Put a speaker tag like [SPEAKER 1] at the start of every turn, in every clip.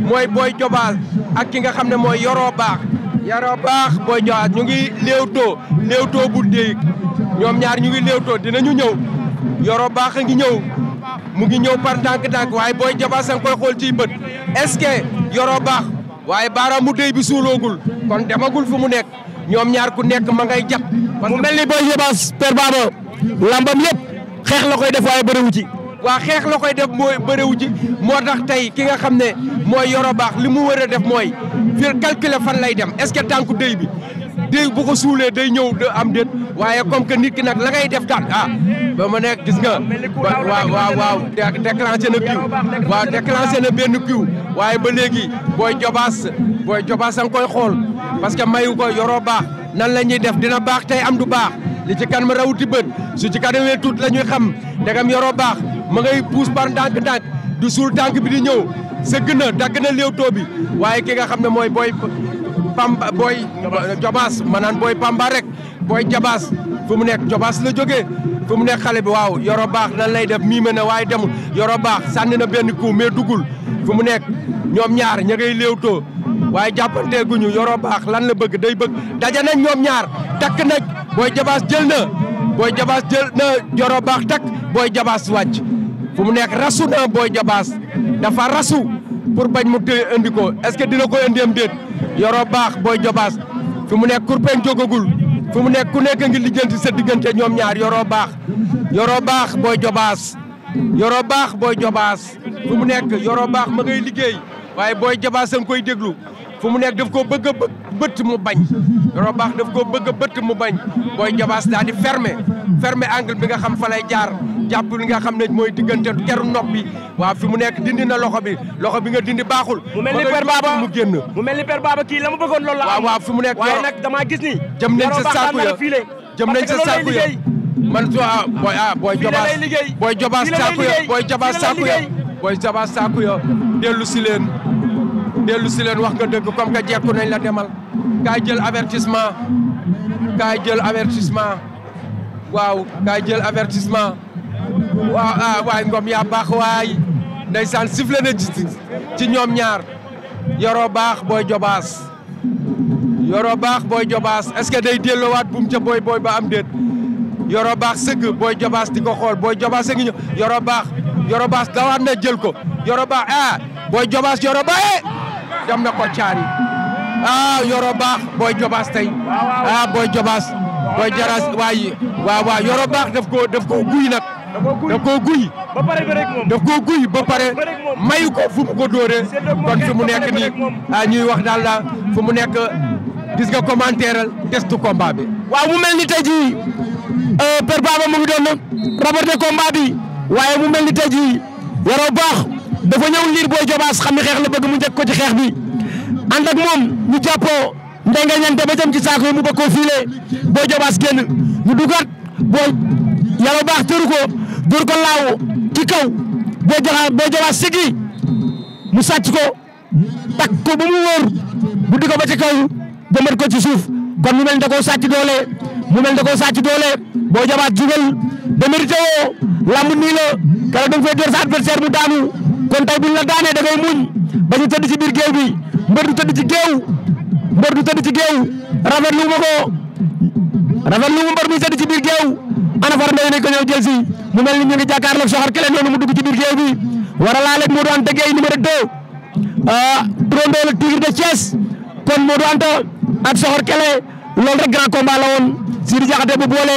[SPEAKER 1] mooy Boy Jobaas ak ki nga xam ne mooy Yoro Baax Yoro Baax Boy Jobaas ñu ngi léewtoo léewtoo bu déeg ñoom ñaar ñu ngi dina ñu ñëw Yoro Baax a ngi ñëw mu ngi ñëw par ndànk-ndànk waaye Boy Jobaas a koy xool ci bët est-ce que Yoro Baax waaye baaraamu déy bi suuloogul kon demagul fu mu nekk ñoom ñaar ku nekk ma ngay jàpp. mu mel ni Boy Jobaas baa Baba lambam yëpp xeex la koy def waaye bëriwu ci. waa xeex la koy def mooy bëriwu ji moo tax tey ki nga xam ne mooy Yoro Baax li mu war a def mooy fir calculer fan lay dem est-ce que tànku dëy bi dëy bu ko suulee day ñëw de am déet waaye comme que nit ki nag la ngay def daal ah ba ma ne gis nga
[SPEAKER 2] waaw waaw waaw
[SPEAKER 1] déclenché na kiw waaw déclenché na benn kiw waaye ba léegi booy jobaas booy jobaas a koy xool parce que mayu ko Yoro Baax nan la ñuy def dina baax tey am du baax li ci kanam rawuti bët su ci kanamee tuut la ñuy xam ndegam Yoro Baax ma ngay pousse par ndànk-ndànk du suul tànk bi di ñëw sëgg na dagg na léewtoo bi waaye ki nga xam ne mooy booy pamba booy ma naan booy pamba rek booy jabaas fu mu nekk jobaas la jóge fu mu nekk xale bi waaw yoro baax lan lay def miime na waaye demul yoro baax sànni na benn coup mais dugul fu mu nekk ñoom ñaar ña ngay léewtoo waaye jàppanteeguñu yoro baax lan la bëgg day bëgg daje nañ ñoom ñaar takk nañ booy jabaas jël na booy jabaas jël na yoro baax takk booy jabaas wàcc fu mu nekk rasu na Boy Jabaas dafa rasu pour bañ mu te indi ko est-ce que dina ko indi am déet yoroo baax Boy jobaas fu mu nekk kurpeñ jógagul fu mu nekk ku nekk ngi lijjanti sa diggante ñoom ñaar yoroo baax yoroo baax Boy jobaas yoroo baax Boy Jabaas fu mu nekk yoroo baax ma ngay liggéey waaye Boy Jabaas a koy déglu fu mu nekk daf ko bëgg a bëtt mu bañ yoroo baax daf koo bëgg a bëtt mu bañ Boy Jabaas daal di fermer fermer angle bi nga xam fa lay jaar jàpp li nga xam ne mooy diggante keru nopp bi waaw fi mu nekk dindi na loxo bi loxo bi nga dindi baaxul. mu mel ni père Baba mu génn. mu mel ni père Baba kii la mu bëggoon loolu la. waaw waaw fi mu nekk waaye damaa gis ni. jëm nañ sa saako ya jëm nañ sa saako ya man su ah booy ah booy jobaas booy jobaas saako ya booy jobaas saako ya booy jobaas saako ya si leen dellu si leen wax nga dëgg comme que jekku nañ la demal kaay jël avertissement kaay jël avertissement waaw kaay jël avertissement waaw ah, waay Ngom yaa baax waay ndeysaan sifle na ci ñoom ñaar yoroo baax booy jobaas yoroo baax booy jobaas est-ce que day delloowaat buum ca booy booy ba am yor yoroo baax sëgg booy jobaas di ko xool booy jobaas a ngi ñëw yoroo baax yoroo baax dawaat na ko yoroo baax ah booy jobaas yoroo baaxee eh! dem na ko caari ah yoroo baax booy jobaas tey ah booy jobaas booy jaraas waayi waaw waaw baax daf ko daf ko guy nag. daf koo guy. ba pare ba rek moom daf koo guy ba pare mayu ko fu mu ko dóoree. kon fu mu nekk nii ah ñuy wax daal la fu mu nekk gis nga commentaire testu combat bi.
[SPEAKER 2] waaw mu mel ni tey jii euh, Père Baba mu ngi doon rapporté combat bi waaye mu mel ni tey jii waroo baax dafa ñëw liir booy jobaas xam ne xeex la bëgg mu njëkk ko ci xeex bi ànd ak moom ñu jàppoo ndenge ñante ba jëm ci saako yi mu bëgg koo fiile booy jobaas génn ñu dugaat booy. yàlla baax tëru ko dóor ko laaw ci kaw boo joxaa boo joxaa sigi mu sàcc ko takk ko ba mu wóor bu di ko ba ci kaw jëmbat ko ci suuf kon mu mel ne da koo sàcc doole mu mel ne da koo sàcc doole boo jabaat jugal demérité woo lamb nii la kala da nga fay door sa mu daanu kon tey buñ la daanee da ngay muñ ba ñu tëdd ci biir géew bi mbër du tëdd ci géew mbër du tëdd ci géew rafetlu ma ko rafetlu ma mbër muy tëdd ci biir géew ana far ndey ne ko ñëw jël mu mel ni ñu ngi jàkkaarloog soxor kële noonu mu dugg ci biir géew bi war a laaleeg Modou Anta Gueye numéro 2 ah turandoo de Thiès kon Modou Anta ak soxor kële loolu rek grand combat la woon Sidi Diakhaté bu boole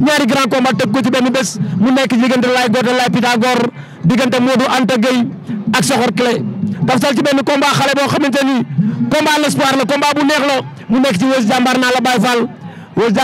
[SPEAKER 2] ñaari grand combat teg ko ci benn bés mu nekk diggante laay góor laay Pythagore diggante Modou Anta Gueye ak soxor kële daf sal ci benn combat xale boo xamante ni combat l'espoir la combat neex la mu nekk ci wës jàmbaar naa la Baye